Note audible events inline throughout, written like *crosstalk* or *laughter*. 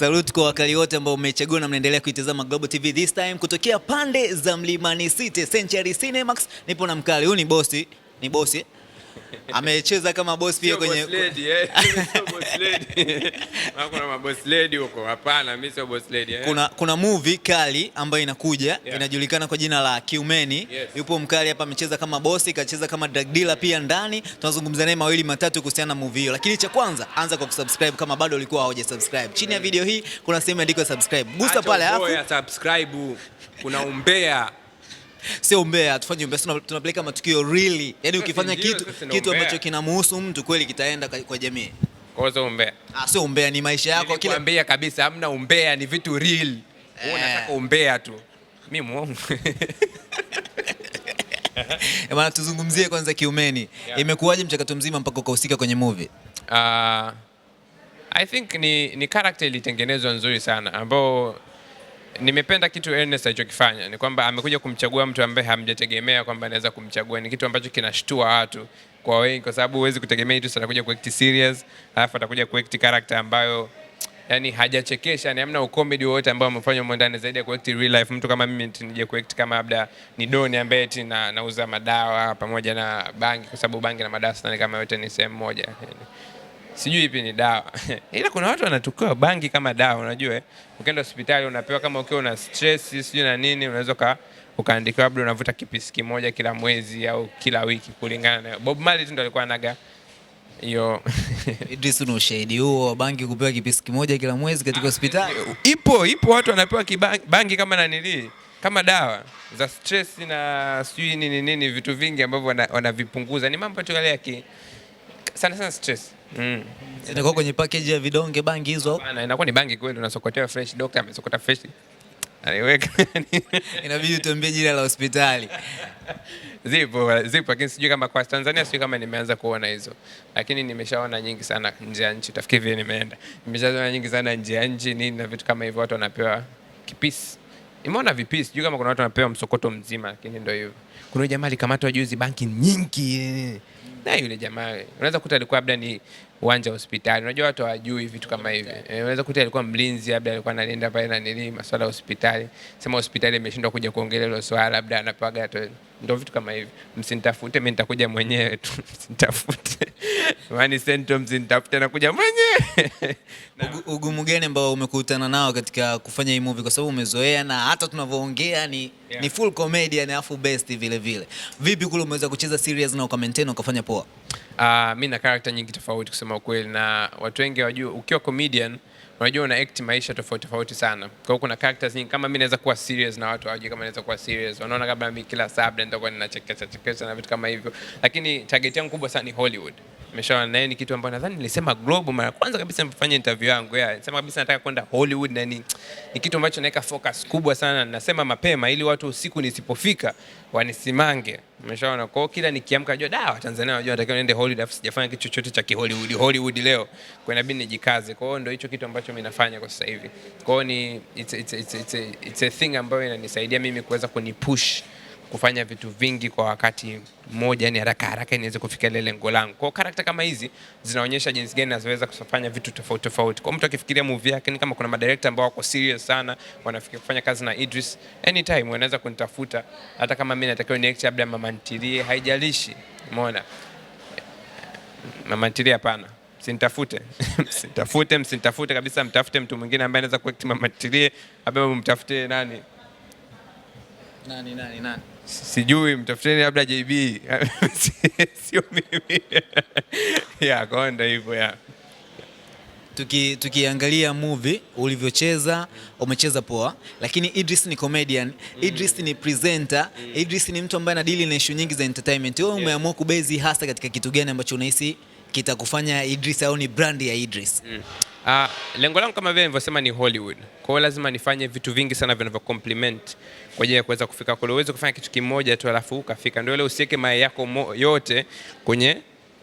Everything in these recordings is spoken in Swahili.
Salute kwa wakali wote ambao mmechagua na mnaendelea kuitazama Global TV this time kutokea pande za Mlimani City Century Cinemax. Nipo na mkali, huyu ni bosi, ni bosi *laughs* amecheza kama boss pia kwenye eh. *laughs* boss lady eh, boss lady kuna boss lady huko. Hapana, mimi sio boss lady eh. Kuna kuna movie kali ambayo inakuja yeah. Inajulikana kwa jina la Kiumeni yes. Yupo mkali hapa, amecheza kama boss, kacheza kama drug dealer pia ndani. Tunazungumza naye mawili matatu kuhusiana na movie hiyo, lakini cha kwanza anza kwa kusubscribe kama bado ulikuwa hauja subscribe. Chini ya mm. video hii kuna sehemu imeandikwa subscribe, gusa pale hapo subscribe. Kuna umbea Sio umbea, tufanye umbea, tunapeleka matukio really. Yani ukifanya kitu kitu ambacho kinamhusu mtu kweli kitaenda kwa jamii. Kwa hiyo umbea. Ah, sio umbea, ni maisha yako kila. umbea kabisa hamna umbea, ni vitu real. Eh. unataka umbea tu. Mimi muongo. Eh, maana tuzungumzie kwanza Kiumeni. Yeah. Imekuwaje mchakato mzima mpaka ukahusika kwenye movie? Uh, I think ni, ni character ilitengenezwa nzuri sana ambao nimependa kitu Ernest alichokifanya ni kwamba amekuja kumchagua mtu ambaye hamjategemea kwamba anaweza kumchagua. Ni kitu ambacho kinashtua watu kwa wengi, kwa sababu huwezi kutegemea Idris atakuja kuact serious, alafu atakuja kuact character ambayo yani hajachekesha, ni amna ucomedy wowote ambao amefanya humo ndani zaidi ya kuact real life. Mtu kama mimi tinije kuact kama labda ni Doni ambaye eti na nauza madawa pamoja na bangi, kwa sababu bangi na madawa sana kama yote ni sehemu moja yani sijui ipi ni dawa *laughs* ila kuna watu wanatukiwa bangi kama dawa. Unajua eh. ukienda hospitali unapewa kama ukiwa una stress sijui na nini, unaweza ukaandikiwa labda unavuta kipisi kimoja kila mwezi au kila wiki, kulingana na Bob Marley tu ndo alikuwa anaga hiyo. *laughs* Idris, una ushahidi huo wa bangi kupewa kipisi kimoja kila mwezi katika hospitali? Ipo, ipo watu wanapewa bangi kama nanilii kama dawa za stress na sijui nini nini, vitu vingi ambavyo wanavipunguza. Ni mambo tu yale ya sana sana stress Mm. Inakuwa kwenye package ya vidonge bangi hizo. Bana, inakuwa ni bangi kweli unasokotea fresh, doctor amesokota fresh. Aliweka. *laughs* Inabidi utembee jina la hospitali. Zipo, zipo lakini sijui kama kwa Tanzania sijui kama nimeanza kuona hizo. Lakini nimeshaona nyingi sana nje ya nchi. Tafikiri vile nimeenda. Nimeshaona nyingi sana nje ya nchi nini na vitu kama hivyo watu wanapewa kipisi. Nimeona vipisi, sijui kama kuna watu wanapewa msokoto mzima lakini ndio hivyo. Kuna jamaa alikamatwa juzi banki nyingi na yule jamaa unaweza kukuta alikuwa labda ni uwanja wa hospitali, unajua watu hawajui vitu kama hivi. Eh, unaweza kukuta alikuwa mlinzi, labda alikuwa analinda pale na nini, masuala ya hospitali, sema hospitali imeshindwa kuja kuongelea hilo swala, labda anapaga ndo vitu kama hivi. Msinitafute mi nitakuja mwenyewe tu, *laughs* msinitafute mani sento, msinitafute nakuja mwenyewe *laughs* ugumu gani ambao umekutana nao katika kufanya hii movie, kwa sababu umezoea na hata tunavyoongea ni, yeah. ni full comedian afu best vile vile. Vipi kule umeweza kucheza series na ukameintain ukafanya poa? Uh, mimi na character nyingi tofauti kusema ukweli, na watu wengi hawajua ukiwa comedian unajua una act maisha tofauti tofauti sana. Kwa hiyo kuna characters nyingi, kama mimi naweza kuwa serious na watu hawajui kama naweza kuwa serious, wanaona kama mimi kila saa labda nitakuwa ninachekesha chekesha na vitu kama hivyo, lakini target yangu kubwa sana ni Hollywood. Nimeshaona naye ni kitu ambacho nadhani nilisema Globo mara kwanza kabisa nilipofanya interview yangu. ya. nilisema kabisa nataka kwenda Hollywood na ni, ni kitu ambacho naweka focus kubwa sana. Nasema mapema ili watu usiku nisipofika wanisimange. Nimeshaona kwa kila nikiamka najua da Watanzania wanajua natakiwa niende Hollywood afu sijafanya kitu chochote cha Hollywood. Hollywood leo kwa inabidi nijikaze. Kwa hiyo ndio hicho kitu ambacho mimi nafanya kwa sasa hivi. Kwa hiyo ni it's, it's, it's, it's, it's, a, it's a thing ambayo inanisaidia mimi kuweza kunipush kufanya vitu vingi kwa wakati mmoja, ni haraka haraka niweze kufikia ile lengo langu. Kwa karakta kama hizi zinaonyesha jinsi gani nazoweza kufanya vitu tofauti tofauti. Kwa mtu akifikiria movie yake, ni kama kuna madirekta ambao wako serious sana, wanafikiria kufanya kazi na Idris, anytime wanaweza kunitafuta, hata kama mimi natakiwa ni act labda mama ntilie, haijalishi. Umeona, mama ntilie, hapana Sintafute, *laughs* sintafute, msintafute kabisa, mtafute mtu mwingine ambaye anaweza kuact mama ntilie, ambaye mtafute nani nani nani nani sijui mtafuteni labda JB *laughs* sio mimi *laughs* ya kaenda hivyo ya tuki tukiangalia movie ulivyocheza, umecheza poa, lakini Idris ni comedian, mm. Idris ni presenter, mm. Idris ni mtu ambaye anadili na issue nyingi za entertainment. Wewe umeamua kubezi hasa katika kitu gani ambacho unahisi kitakufanya Idris au ni brand ya Idris? Mm. Uh, lengo langu kama vile nilivyosema ni Hollywood. Kwa hiyo lazima nifanye vitu vingi sana vinavyo compliment kwa ajili ya kuweza kufika kule. Uweze kufanya kitu kimoja tu alafu ukafika. Ndio ile usiweke mayai yako yote kwenye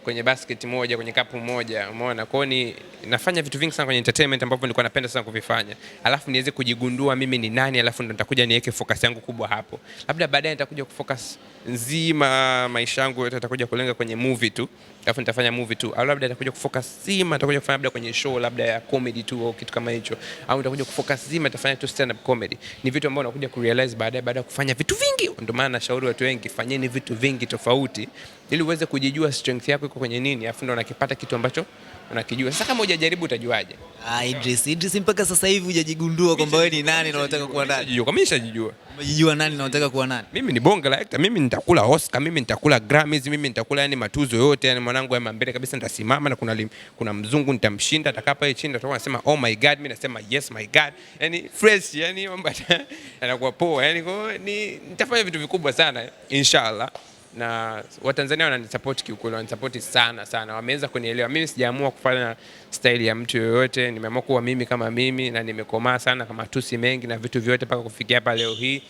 kwenye basket moja, kwenye kapu moja, umeona? Kwa hiyo ni nafanya vitu vingi sana kwenye entertainment ambavyo nilikuwa napenda sana kuvifanya. Alafu niweze kujigundua mimi ni nani, alafu ndo nitakuja niweke focus yangu kubwa hapo. Labda baadaye nitakuja kufocus nzima maisha yangu yote atakuja kulenga kwenye movie tu alafu nitafanya movie tu, au labda nitakuja kufocus zima, nitakuja kufanya labda kwenye show labda ya comedy tu au kitu kama hicho, au nitakuja kufocus zima, nitafanya tu stand up comedy. Ni vitu ambavyo unakuja kurealize baadaye, baada ya kufanya vitu vingi. Ndio maana nashauri watu wengi, fanyeni vitu vingi tofauti, ili uweze kujijua strength yako iko kwenye nini, afu ndio unakipata kitu ambacho unakijua. Sasa kama hujajaribu utajuaje? Ah, Idris, Idris mpaka sasa hivi hujajigundua kwamba wewe ni nani na unataka kuwa nani. Kwa mimi nishajijua. Umejijua nani na unataka kuwa nani? Mimi ni bonge la actor, mimi nitakula Oscar, mimi nitakula Grammys, mimi nitakula yani matuzo yote yani mwana mwanangu ama mbele kabisa nitasimama na kuna, lim, kuna mzungu nitamshinda, atakapo yeye chini atakuwa anasema oh my god, mimi nasema yes my god, yani fresh, yani mambo *laughs* yanakuwa poa, yani kwa ni nitafanya vitu vikubwa sana inshallah na Watanzania wananisupport kiukweli, wananisupport sana sana, wameweza kunielewa mimi. Sijaamua kufanya style ya mtu yoyote, nimeamua kuwa mimi kama mimi, na nimekomaa sana kama tusi mengi na vitu vyote mpaka kufikia hapa leo hii,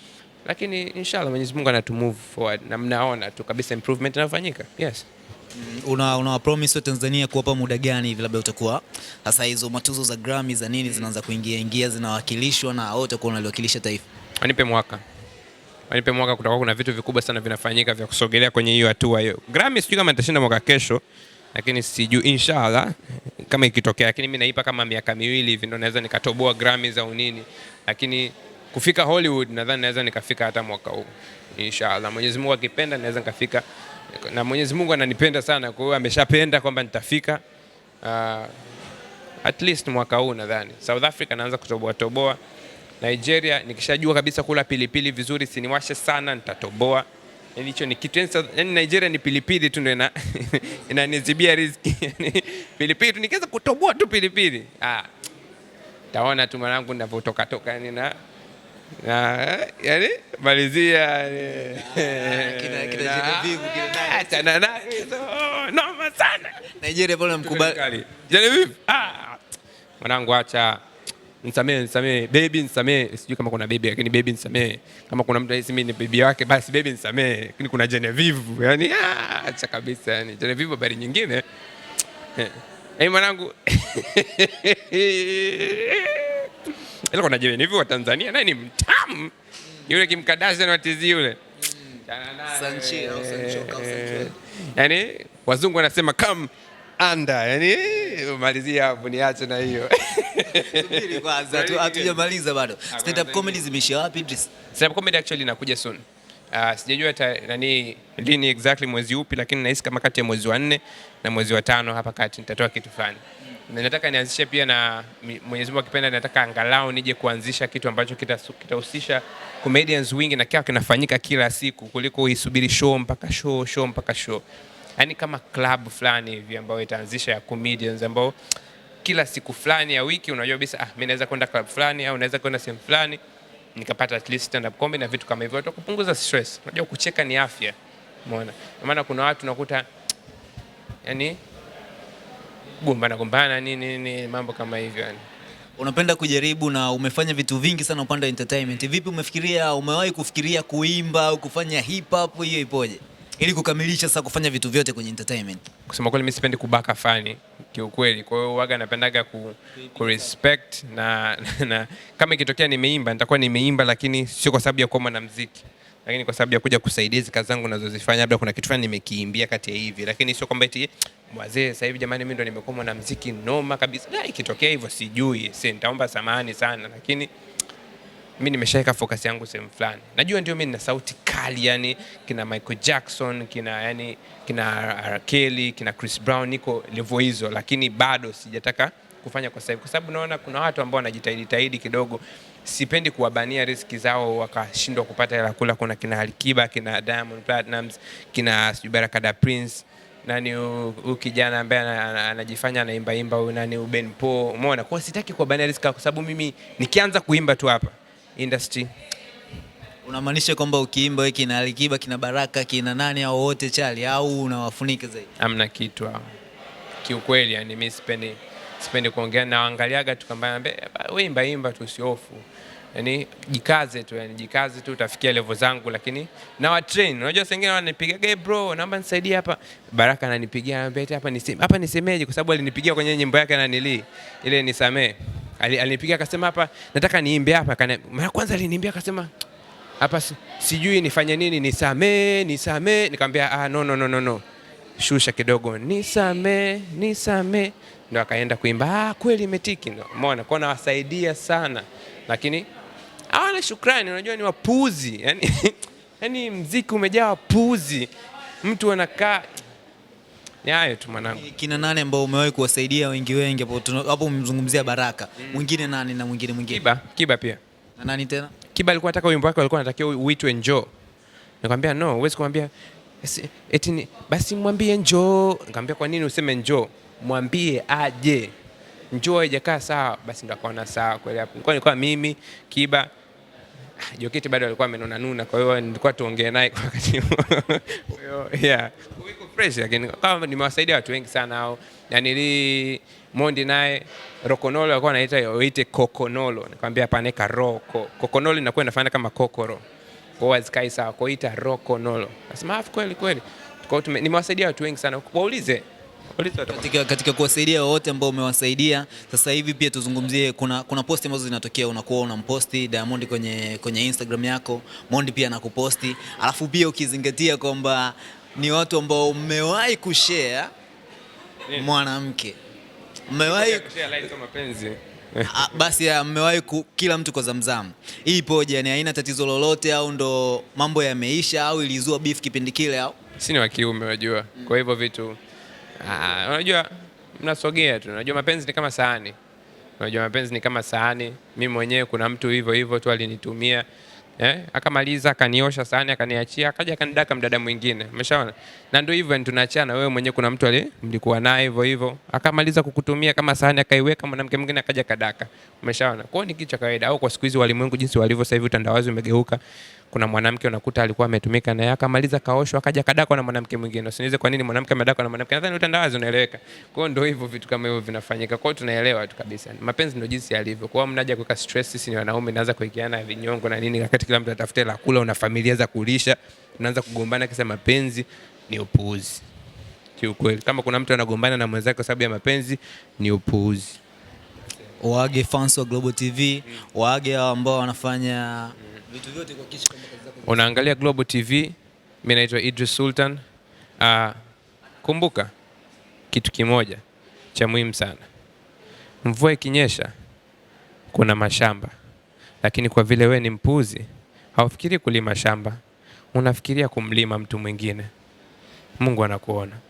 lakini inshallah Mwenyezi Mungu anatumove forward na mnaona tu kabisa improvement inafanyika. Yes. Mm, una una promise wa Tanzania kuwapa muda gani hivi, labda utakuwa sasa hizo matuzo za Grammy za nini zinaanza kuingia ingia zinawakilishwa na wao utakuwa unaliwakilisha taifa? Wanipe mwaka wanipe mwaka, kutakuwa kuna vitu vikubwa sana vinafanyika vya kusogelea kwenye hiyo hatua hiyo. Grammy sijui kama nitashinda mwaka kesho, lakini sijui, inshallah kama ikitokea, lakini mimi naipa kama miaka miwili hivi ndio naweza nikatoboa Grammy za unini, lakini kufika Hollywood nadhani naweza nikafika hata mwaka huu inshallah. Mwenyezi Mungu akipenda naweza nikafika, na Mwenyezi Mungu ananipenda sana, kwa hiyo ameshapenda kwamba nitafika uh, at least mwaka huu nadhani. South Africa naanza kutoboa toboa. Nigeria nikishajua kabisa kula pilipili vizuri, siniwashe sana, nitatoboa. Yani hicho ni kitu yani, yaani Nigeria ni pilipili tu ndio ina *laughs* inanizibia riziki yaani pilipili tu, nikaanza kutoboa tu pilipili, ah, taona tu mwanangu ninavyotoka toka yani na yani malizia *laughs* ah, noma sana Nigeria pole mkubali. Ah. Mwanangu acha nisamee, nisamee baby, nisamee. Sijui kama kuna baby, lakini baby nisamee. Kama kuna mtu mimi ni baby wake, basi baby nisamee. Lakini kuna Genevieve, yani ah, acha kabisa, yani Genevieve, habari nyingine. Eh, eh mwanangu *laughs* Yaani najiona wa Tanzania naye ni mtamu yule Kimkadashian na watizi yule yani, wazungu wanasema come under, yani malizia hapo, niache na hiyo kwanza. Hatujamaliza bado, stand up comedy zimeisha wapi Idris? Stand up comedy actually inakuja soon. Uh, sijajua ta, nani lini exactly mwezi upi, lakini nahisi kama kati ya mwezi wa nne na mwezi wa tano hapa kati nitatoa kitu fulani na nataka nianzishe pia na Mwenyezi Mungu akipenda, nataka angalau nije kuanzisha kitu ambacho kitahusisha kita comedians wingi na kile kinafanyika kila siku kuliko isubiri show mpaka show show mpaka show, yaani kama club fulani hivi ambayo itaanzisha ya comedians ambao kila siku fulani ya wiki unajua kabisa, ah, mimi naweza kwenda club fulani au naweza kwenda sehemu fulani nikapata at least stand up comedy na vitu kama hivyo, kupunguza stress. Unajua kucheka ni afya, umeona? Maana kuna watu nakuta yani kugombana gombana nini nini, mambo kama hivyo yani. Unapenda kujaribu na umefanya vitu vingi sana upande wa entertainment. Vipi, umefikiria umewahi kufikiria kuimba au kufanya hip hop, hiyo ipoje? Ili kukamilisha sasa kufanya vitu vyote kwenye entertainment. Kusema kweli, mimi sipendi kubaka fani kiukweli, kwa hiyo waga napendaga ku, ku respect na, *laughs* na kama ikitokea nimeimba nitakuwa nimeimba, lakini sio kwa sababu ya kuwa mwanamuziki lakini kwa sababu ya kuja kusaidia hizi kazi zangu nazozifanya, labda kuna kitu fulani nimekiimbia kati ya hivi, lakini sio kwamba eti wazee sasa hivi jamani, mimi ndo nimekuwa mwanamuziki noma kabisa. Na ikitokea hivyo sijui, si nitaomba samahani sana, lakini mimi nimeshaweka focus yangu sehemu fulani. Najua ndio mimi nina sauti kali, yani kina Michael Jackson, kina yani kina R. Kelly, kina Chris Brown, niko level hizo, lakini bado sijataka kufanya kwa sasa hivi, kwa sababu naona kuna watu ambao wanajitahidi tahidi kidogo sipendi kuwabania riski zao wakashindwa kupata hela kula. Kuna kina Alikiba, kina Diamond Platnumz, kina sijui da Prince, nani huyu kijana ambaye anajifanya anaimba imba huyu nani, Ben Po, umeona. Kwa sitaki kuwabania riziki, kwa sababu mimi nikianza kuimba tu hapa industry Unamaanisha kwamba ukiimba wewe kina Alikiba kina Baraka kina nani au wote chali au unawafunika zaidi? Amna kitu hapo Kiukweli yani mimi sipendi sipendi kuongea na waangaliaga tu kwamba wewe imba imba tu usiofu yani jikaze tu, yani jikaze tu utafikia level zangu, lakini na wa train. Unajua sengine wananipiga hey bro, naomba nisaidie hapa. Baraka ananipigia anambia eti hapa niseme hapa nisemeje, kwa sababu alinipigia kwenye nyimbo yake na nili ile nisamee, alinipigia akasema hapa nataka niimbe hapa. kana Mara kwanza aliniambia akasema hapa sijui nifanye nini, nisamee nisamee. Nikamwambia ah, no, no, no, no, no, shusha kidogo, nisamee nisamee. Ndo akaenda kuimba. Ah, kweli imetiki. Ndo umeona, kwa nawasaidia sana lakini hawana shukrani. Unajua ni wapuuzi yani, *laughs* yani mziki umejaa wapuuzi, mtu anakaa ni hayo tu mwanangu. Kina nani ambao umewahi kuwasaidia wengi wengi hapo? Umemzungumzia Baraka, mwingine nani? Na mwingine mwingine Kiba, Kiba pia na nani tena? Kiba alikuwa anataka wimbo wake alikuwa anatakiwa uitwe njoo, nikamwambia no, huwezi kumwambia eti basi mwambie njoo. Nikamwambia kwa nini useme njoo, mwambie aje njoo haijakaa sawa, basi ndakuwa na sawa kweli. Hapo nilikuwa nilikuwa mimi Kiba ah, Joketi bado alikuwa amenona nuna, kwa hiyo nilikuwa tuongee naye kwa wakati huo. *laughs* Yeah, uko fresh, lakini kama nimewasaidia watu wengi sana hao, na nili Mondi naye Rokonolo alikuwa anaita oite Kokonolo, nikamwambia hapana, ka roko Kokonolo inakuwa inafanana kama kokoro, kwa wazikai sawa, kwa hiyo ita Rokonolo, nasema afu ah, kweli kweli, kwa hiyo nimewasaidia watu wengi sana, waulize katika, katika kuwasaidia wote ambao umewasaidia sasa hivi, pia tuzungumzie, kuna, kuna posti ambazo zinatokea, unakuwa unamposti Diamond kwenye, kwenye Instagram yako, Mondi pia anakuposti, alafu pia ukizingatia kwamba ni watu ambao mmewahi kushare mwanamke mmewahi mapenzi ah, basi ah, mmewahi kila mtu kwa zamzam. Hii poje? Ni haina tatizo lolote au ndo mambo yameisha au ilizua beef kipindi kile au? Si ni wa kiume wajua, kwa hivyo vitu Ah, unajua mnasogea tu. Unajua mapenzi ni kama sahani. Unajua mapenzi ni kama sahani. Mimi mwenyewe kuna mtu hivyo hivyo tu alinitumia eh, akamaliza akaniosha sahani akaniachia, akaja akanidaka mdada mwingine. Umeshaona? Na ndio hivyo tunaachana. Wewe mwenyewe kuna mtu ali mlikuwa naye hivyo hivyo, akamaliza kukutumia kama sahani, akaiweka mwanamke mwingine akaja kadaka. Umeshaona? Kwa hiyo ni kitu cha kawaida, au kwa siku hizi walimwengu jinsi walivyo sasa hivi, utandawazi umegeuka kuna mwanamke unakuta alikuwa ametumika naye akamaliza kaoshwa akaja kadakwa na mwanamke mwingine. Usinize kwa nini mwanamke amedako na mwanamke, nadhani utandawazi, unaeleweka. Kwa hiyo ndio hivyo vitu kama hivyo vinafanyika, kwa hiyo tunaelewa tu kabisa, mapenzi ndio jinsi yalivyo. Kwa hiyo mnaja kuweka stress, sisi ni wanaume naanza kuikiana vinyongo na nini, wakati kila mtu atafuta la kula, una familia za kulisha, unaanza kugombana kisa mapenzi, ni upuuzi kiukweli. Kama kuna mtu anagombana na mwenzake kwa sababu ya mapenzi, ni upuuzi waage fans wa Global TV, waage hao ambao wanafanya vitu vyote kuhakikisha kwamba unaangalia Global TV. Mimi naitwa Idris Sultan. Uh, kumbuka kitu kimoja cha muhimu sana, mvua ikinyesha kuna mashamba, lakini kwa vile we ni mpuzi haufikiri kulima shamba, unafikiria kumlima mtu mwingine. Mungu anakuona.